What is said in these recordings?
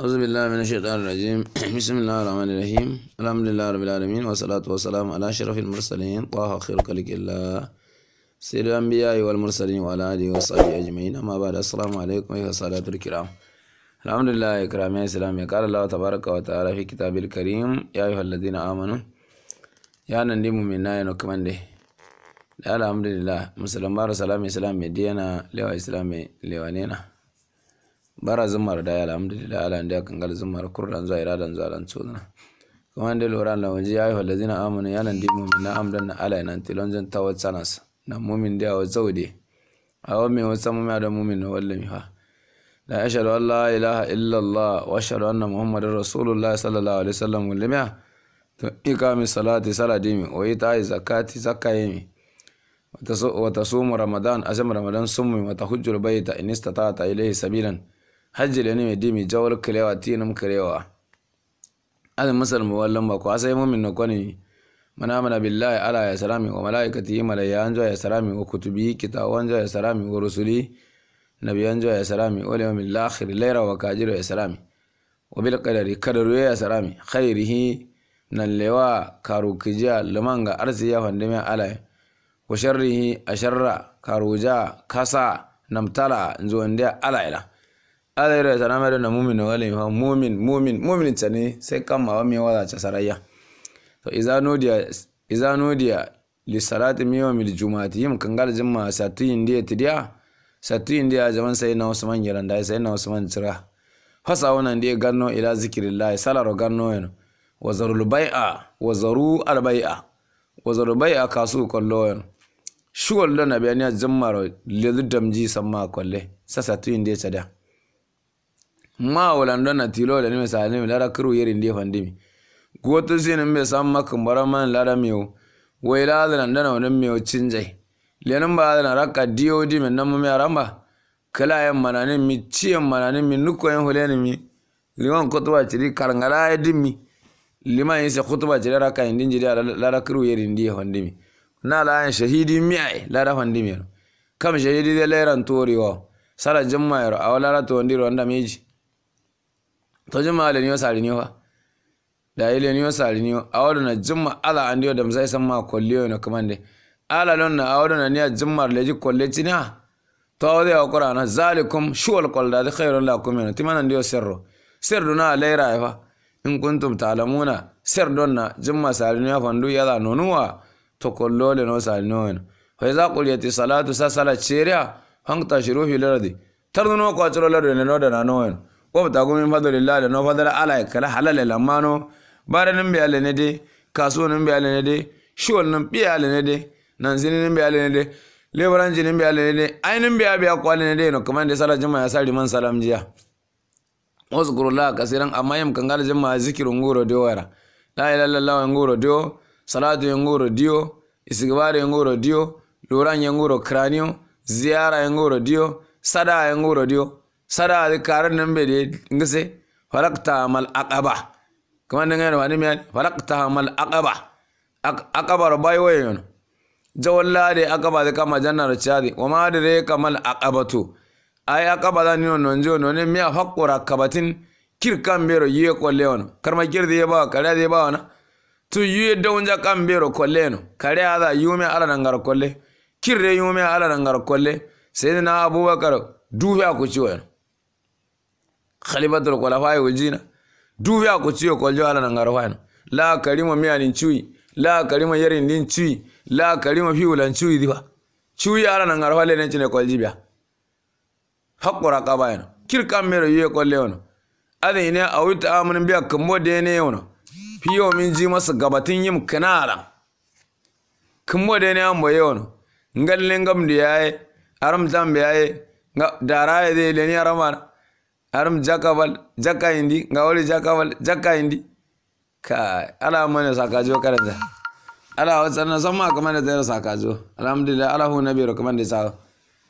أعوذ بالله من الشيطان الرجيم بسم الله الرحمن الرحيم الحمد لله رب العالمين والصلاة والسلام على أشرف المرسلين طه خير خلق الله سيد الأنبياء والمرسلين وعلى آله وصحبه أجمعين أما بعد السلام عليكم أيها الصلاة الكرام الحمد لله إكرام يا سلام قال الله تبارك وتعالى في كتاب الكريم يا أيها الذين آمنوا يا نندي مؤمنا ينكمن دي الحمد لله مسلم بار سلام يا سلام دينا لوا إسلام نينا bara zumar da alhamdulillah ala ndiya kangal zumar kurran zuwa iradan zuwa lan tsodna kuma lura oran la waji wa ladina amanu yana ndi na amdan na ala nan tilonjan tawat sanas na mu'min da wa a awa me wasa mu'min da mu'min na wallami fa la ashhadu an la ilaha illa allah wa ashhadu anna muhammadar rasulullah sallallahu alaihi wasallam limiya to ikami salati salati mi wa ita zakati ramadan وتصوم رمضان أسم رمضان سمي وتحج البيت إن استطعت ilayhi sabilan hajjilani mai dimi jawal kilewa tinum kilewa al masar mu wallan ba ko asai mumin na kwani mana mana billahi ala ya salami wa malaikatihi malaya anjo ya salami wa kutubi kita wa ya salami wa rusuli nabi anjo ya salami wa yawmil akhir laira wa kajiru ya salami wa bil kadari kadaru ya salami khairihi nallewa karukija lumanga arziya fandame ala wa sharrihi asharra karuja kasa namtala nzuwande ala ila ala yɛrɛ sana mɛ dɔ na mumin wala yi fa mumin mumin mumin tani sai kan ma mi wala ta sarayya to iza nudiya iza li salati mi wa al jumaati yim kan gal jumma satu indiya tidiya satu indiya zaman sai na usman giran da sai na usman tira fasa wannan ya ganno ila zikrillah salaro ganno yana wa zarul bai'a wa zaru al bai'a wa zaru bai'a kasu kollo yana shugol da na jima ro le damji samma kolle sasa tu indiya tada ma wulan na tilo da nime sa nime lara kuru yeri ndiye fandimi si nime sa ma kumbara man lara miyo wai la adana dona wani miyo cinjai lenin ba adana raka diyo di min nan mumi aramba kala yan ni mi ciyan ni mi nuko yan huleni mi liman kutuba ciri karangala ya dimi liman yin se kutuba ciri raka yin dinji da lara kuru yeri ndiye fandimi na la yan shahidi yi lara fandimi kam shahidi de leran wa sara jimma yaro awala ra to ndiro anda meji To tojima le niyo sa niyo da ile niyo sari niyo awodo na jimma ala andiyo da msai sama kolliyo kuma kamande ala a awodo na niya jimma leji to a tawde ya na zalikum shuwal qolda da khairun lakum yana timana ndiyo sirro sirru na laira ya in kuntum ta'lamuna sir donna jimma sari niyo fandu yala nonuwa to kollole no sari niyo yana fa iza quliyati salatu sa sala cheria hangta shiruhi lardi tarnuno ko chiro lardi no da na no wa ta gumi fadlillah da na fadar ala kala halala lamano da nin bi alene de kasuwa nan bi alene de shiwol nin bi alene de nan zini nan bi alene de lebaran jinin bi alene biya ainin bi abi akwa alene de no kamar da sala juma'a sari man salam jiya wazkurullah kasiran amma yam kangal juma'a zikirun goro diyo wara la ilaha yin ngoro diyo salatu ngoro dio isigibari ngoro dio luran ngoro kranio ziara ngoro dio sada ngoro diyo sada karan nan be de ngese farakta mal aqaba kuma nan yana wani mai farakta mal aqaba aqaba bai waye yana jawalla de aqaba de kama jannar ro chadi wa ma de kamal aqabatu ai aqaba da nino non jo non mi hakura kabatin kirkan bero yiye ko leono karma girde ye ba kare de ba wana tu yiye dawnja kan bero ko leno kare ada yume ala nangar kolle kirre yume ala nangar kolle sayyidina abubakar duwe ku ciwo khalifatul khulafa'i wal jina duya ko ciyo ko jawala nan garfan la karima miyanin ciwi la karima yarin din ciwi la karima fi ulan ciwi diba ciwi ala nan garfa le ne cine ko jibiya hakura ka bayan kirkan mero yiye ko lewono adin ne awita amunin biya kambo de ne yono fiyo min ji masa gabatin yim kanara kambo de ne ambo yono ngalle ngam diyae aram zambe yaye ga daraye de leni ni aramana aram jakabal jaka indi ngawari jakabal jaka indi Ka ala mana sakajo karanta ala wasan sama ma kamar da zai sakajo alhamdulillah ala hu nabi kamar da sa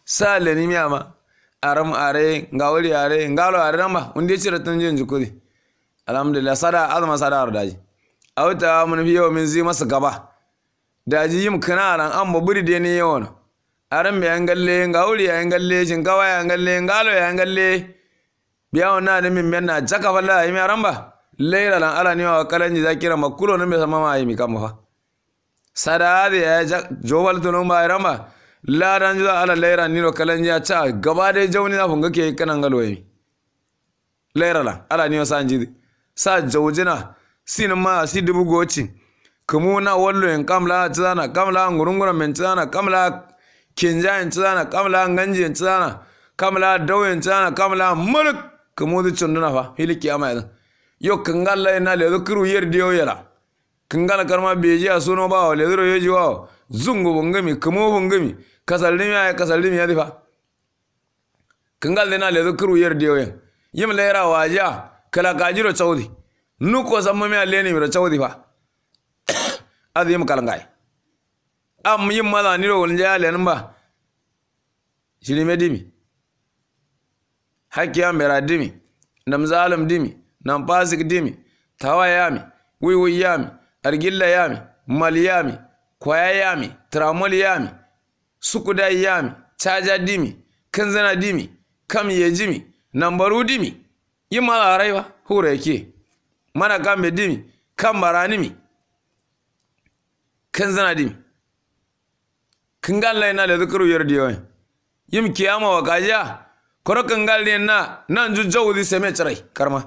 sale ni miya ma aram are ngawari are ngalo are Wanda ya cire tun jin jukuri alhamdulillah sada azma sada ardaji Auta mun fi yau min zi masa gaba daji yim kana ran an buri dai ne yawan aram me an galle ngawari an galle shinkawa an galle ngalo an galle biya na ni min menna jaka falla ayi mi aramba leira lan ala ni wa kalanji zakira makulo no be sama ma ayi mi kama fa sada de ya jowal to no ma aramba la dan ju ala leira ni no kalanji acha gaba de jawni na funga ke kanan galo ay leira lan ala ni wa sanji sa jawjina sin ma si dubu goci kumu na wallo en kamla tsana kamla ngurungura men tsana kamla kinja en tsana kamla nganji en tsana kamla dawo en tsana kamla mulk kamodi condona fa hili kiyama yadin yo kangalla na ledo kiru yerdiyo yala kangala karma beji asuno bawo ledro yoji wao zungu bongami kamo bongami kasaldimi ay kasaldimi yadi fa kangal na ledo kiru yerdiyo yen yim lera waja kala kajiro chaudi nuko sammami me leni miro chaudi fa adi yim kalangai am yim mala niro ya lenin ba shirime dimi hakkiya mera dimi nam zalum dimi nam fasik, dimi tawa yami wiwi yami argilla yami mal yami kwaya yami tramol yami sukuda yami caja dimi kanzana dimi kam ye jimi nambaru dimi yima raiwa hura yake mana kambe dimi kam baranimi kanzana dimi kingalla na le dhikru yardiyo yim kiyama wakaja korokan ne na nan ju di seme cirai karma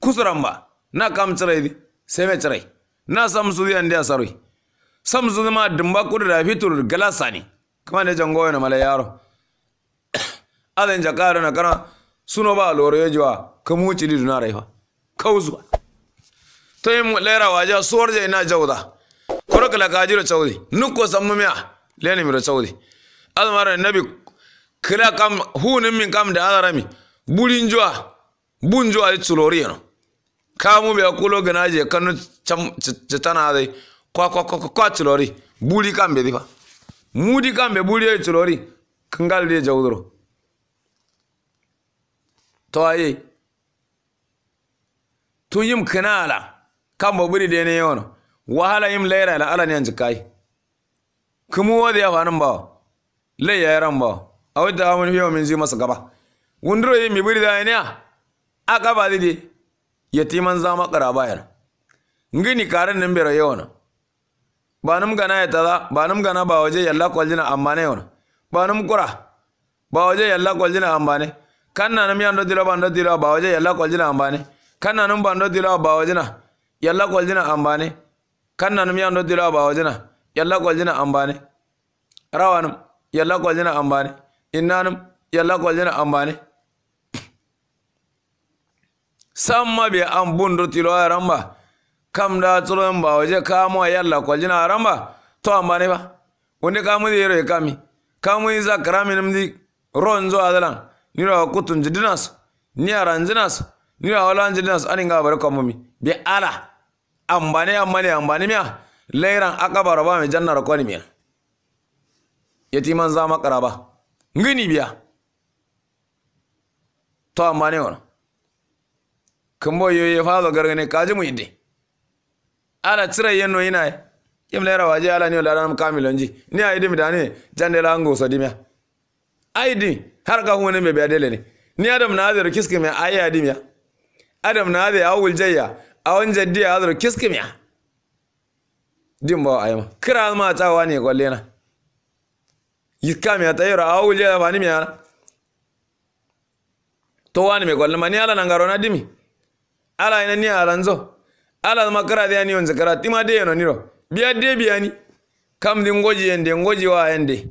kusuramba na kam cirai di seme cirai na samsu di ande asarui sam di ma dumba kudu da fitur galasani kama ne jangoyo na mala yaro adan jakaro na kana suno ba loro yojiwa kamu cili duna raifa kauzuwa to yin lera waje suwar je ina jawda korokala kajiro chawdi nukko sammumya leni miro chawdi almara nabi kila kam hunin min kam da alarami bulin jua bun jua yi tsulori yano kamu be kulo gana je kanu cham chitana dai kwa kwa kwa kwa tsulori buli kambe difa mudi kambe buli yi tsulori kangal de jawdro to ayi tun yim kanala kambo buri de ne yono wahala yim lera la ala ne anjikai kumu wadi ya fanin ba le ya yaran ba awda amun fiye min zai masa gaba Wunduro yi mi ya ina a gaba dide yatiman zama karabayar ngini karan nan bira ba nan gana ya taza nan gana ba waje yalla kwaljina amma ne ba nan kura ba waje yalla kwaljina amma ne kanna nam yando dilo bando dilo ba waje yalla kwaljina amma ne kanna nam bando dilo ba waje na yalla kwaljina amma ne kanna yan yando dilo ba waje na yalla kwaljina amma ne rawanin yalla kwaljina amma ne innanim yalla goljena ambani samma be an bundo tilo aramba kam da tsoro ba waje kamo yalla goljena aramba to ambani ba wonde kamu de yero e kami kamu iza karami nimdi ronzo adalan nira kutun jidinas ni aranjinas nira walan jidinas ga bar kamumi be ala ambani ambani ambani miya leiran akaba ba mi jannar kolmiya yatiman zama karaba ngini biya to amma ne wona kambo fa fazo gargane kaji mu inde ala tira yenno ina lera waje ala ni ladan kamilonji ni aidi midane jande lango sodimya aidi har ga huwane me biya ne ni adam na azar kiske me ayi adim ya adam na azar awul jayya awon jaddi azar kiske me dimbo ayma kira ma tawa ne gwallena yikame tayira awulya vani miana to wani me gwalna mani ala nangarona dimi ala ina ni ala nzo ala makara de ani onze kara tima de no niro biya de biyani kam di ngoji ende ngoji wa ende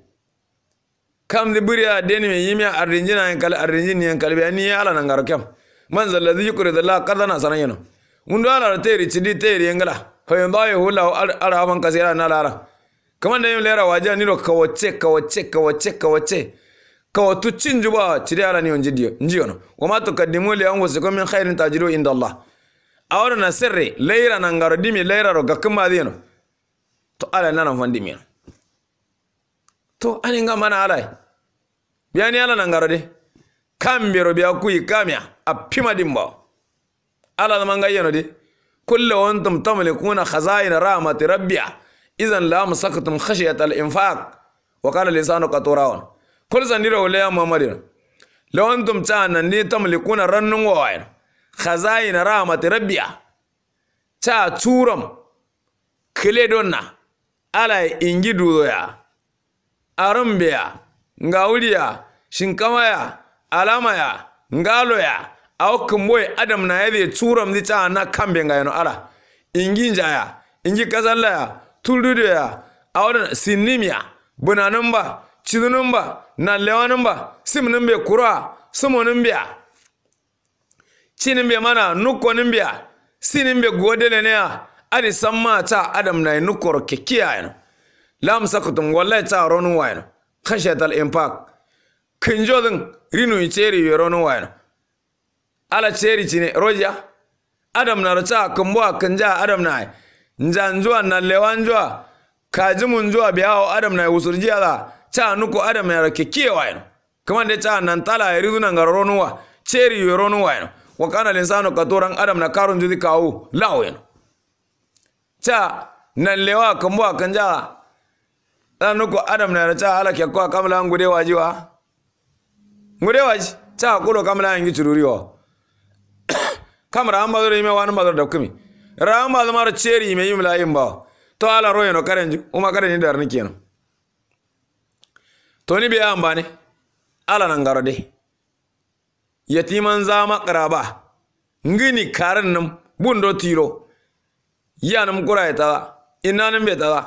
kam di buriya de ni yimi arrinjina en kala arrinjini en kala biyani ala nangaro kam man zal ladhi yukridu qadana sanayno undo ala teri chidi teri engala hoyendo ayo hula ara aban kasira na lara kamandayo lero waja niro kawoche kawoche kawoche kawoche kawo tuchinjuba chiri ala niyo njidio njiyono wama tukadimu li angu siko min khairin tajiru inda Allah awaro na sirri leira na ngaro dimi leira ro gakamba dino to ala nana mfandi mino to ani nga mana ala biani ala na ngaro de kambiro biya kuyi kamya apima dimbo ala na manga yeno de kullu antum tamlikuna khazain rahmat izan la musakatum khashiyat al infaq wa qala lisanu qaturawan kul sanira wala muhammadin law antum ta'anna ni tamlikuna rannun wa wa'in khazain rahmat rabbiya ta turam kile ala ingi ya arambeya ngauliya shinkamaya alamaya ngaloya au kumboy adam na yadi turam ni ta na kambe ngayano ala inginjaya njaya ingi ya. tuludeya awdan sinimia bunanumba chidunumba na lewanumba simnumbe kura sumonumbia chinimbe mana nukkonimbia sinimbe godelenea adi sammata adam nay nukkoro kekkiyayno lam sakutum wallahi ta ronu wayno khashatal impact kinjodin rinu cheri yoronu wayno ala cheri chine roja adam na rocha kumbwa kanja adam nay zuwa na lewanzua kazimunzua biao adam na usurjiala ca nuku adam ya kiyewa waino kuma de cha nantala irizuna ngaroronuwa cheri yoronu waino wakana linsano katoran adam na karun judi kawu lawino cha nan lewa kambwa kanja dan nuku adam na cha ala ke kwa kamla ngude wajiwa gudewa ji cha kulo kamla ngi an kamra ambazo mewa wanu mbazo da kumi ram almar ceri mai yim mulayin ba to ala roye no karen uma karen dar ni kenan to ni be amba ne ala nan garo de yatiman zama qaraba ngini karen nan bundo tiro nan kura ya tawa nan be tawa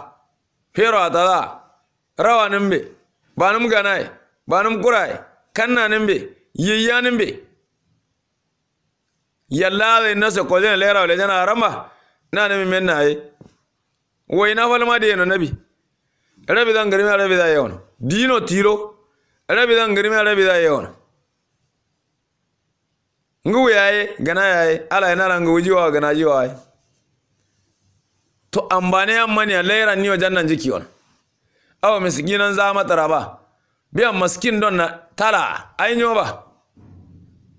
fero a tawa rawanin be banum ganai kura kurai kannanin be nan be yalla zai nasa kwazin lera wale jana rama na nemi men na yi wai na falma da yana nabi rabi zan gari mai rabi za yi wani dino tiro rabi zan gari mai rabi za yi wani ngu yaye gana yaye ala yana ranga wujiwa gana jiwa yaye to ambane yamma ne lera ni wajen jannan jiki wani awa miskinan za matara ba biyan maskin don na tala ainihin ba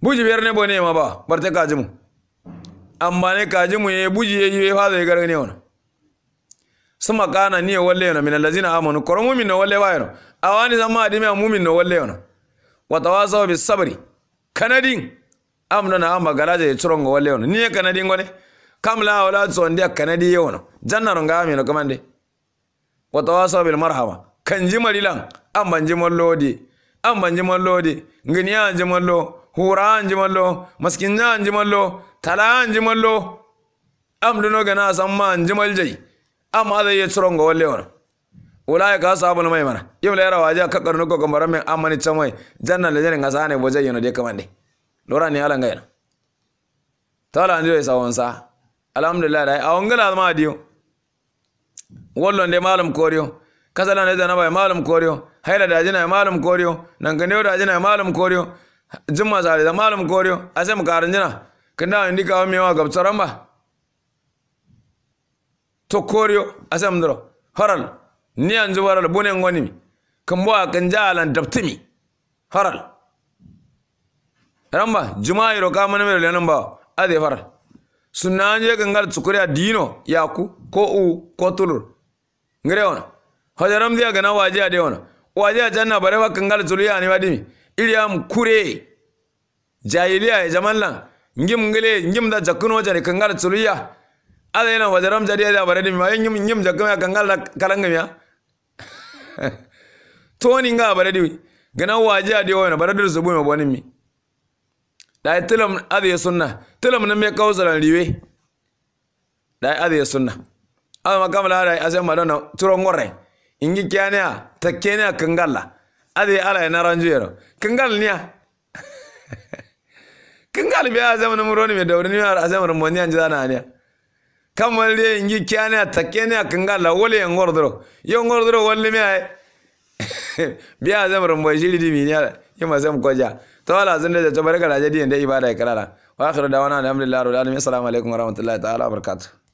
buji biyar ne bone ma ba barte kajimu amma ne ya ye buji ye ye fa zai gargane wannan suma kana niye walle yana min allazina amanu koro mumin no walle wayano awani zama adime mumin no walle yana wa tawasaw bis sabri kanadin amna na amma turon ga walle yana niye kanadin gone kamla wala tsondia kanadi yana jannaro ngami no kamande wa tawasaw bil marhama kanji marilan amman jimon lodi amman jimon lodi ngini ya jimon lo hura anji mallo maskinja anji mallo tala anji mallo am duno gana samma anji maljai am ada ye tsorongo walle wana ulai ka sabul mai mana yim lera waje ka karnu ko gambaran men amani chamai janna le jare ngasa ne boje yono de kamande lora ni ala ngayna tala anji sa wonsa alhamdulillah dai a awngala ma diyo wallo ne malum koriyo kasala ne da na bai malum koriyo haila da jina malum koriyo nan ga ne da jina malum koriyo jimma sare da malam koriyo a sai mu karin jina kin da indi kawo mewa gabsaran ba to koriyo a sai mu duro horal ni yanzu waral bune ngoni kan bo kan jalan daftimi haral ramba juma'i ro ka mana mero lenan ba a zai faral sunna je kan gar tsukuriya dino yaku ko u ko tulur ngire ona hajaram dia gana waje ade ona waje janna bare wa kan gar tsuriya ba wadimi iriyam kure jahiliya ya zaman lan ngim ngile ngim da jakuno jare kangal tsuliya ala yana wajaram jari da bare dimi ma ngim ngim jakuno ya kangal da kalangam ya toni nga bare dimi gana waje a dewa na bare dir zubu ma bonin mi da tilam adiya sunna tilam nan me kauzalan riwe da adiya sunna ala makamala da asan madonna turon ngore ingi kyanea takkenea kangalla adi ala ya naranju yero kengal niya kengal biya na muroni me dawri niya ar na monni anji jana niya wali ya ingi kyane niya kengal la wole ngordro yo ngordro wolle me ay biya na mo jili di niya yima zam koja to ala ya da to jadi da ibada ikrara wa akhiru dawana alhamdulillah rabbil assalamu alaikum warahmatullahi ta'ala wabarakatuh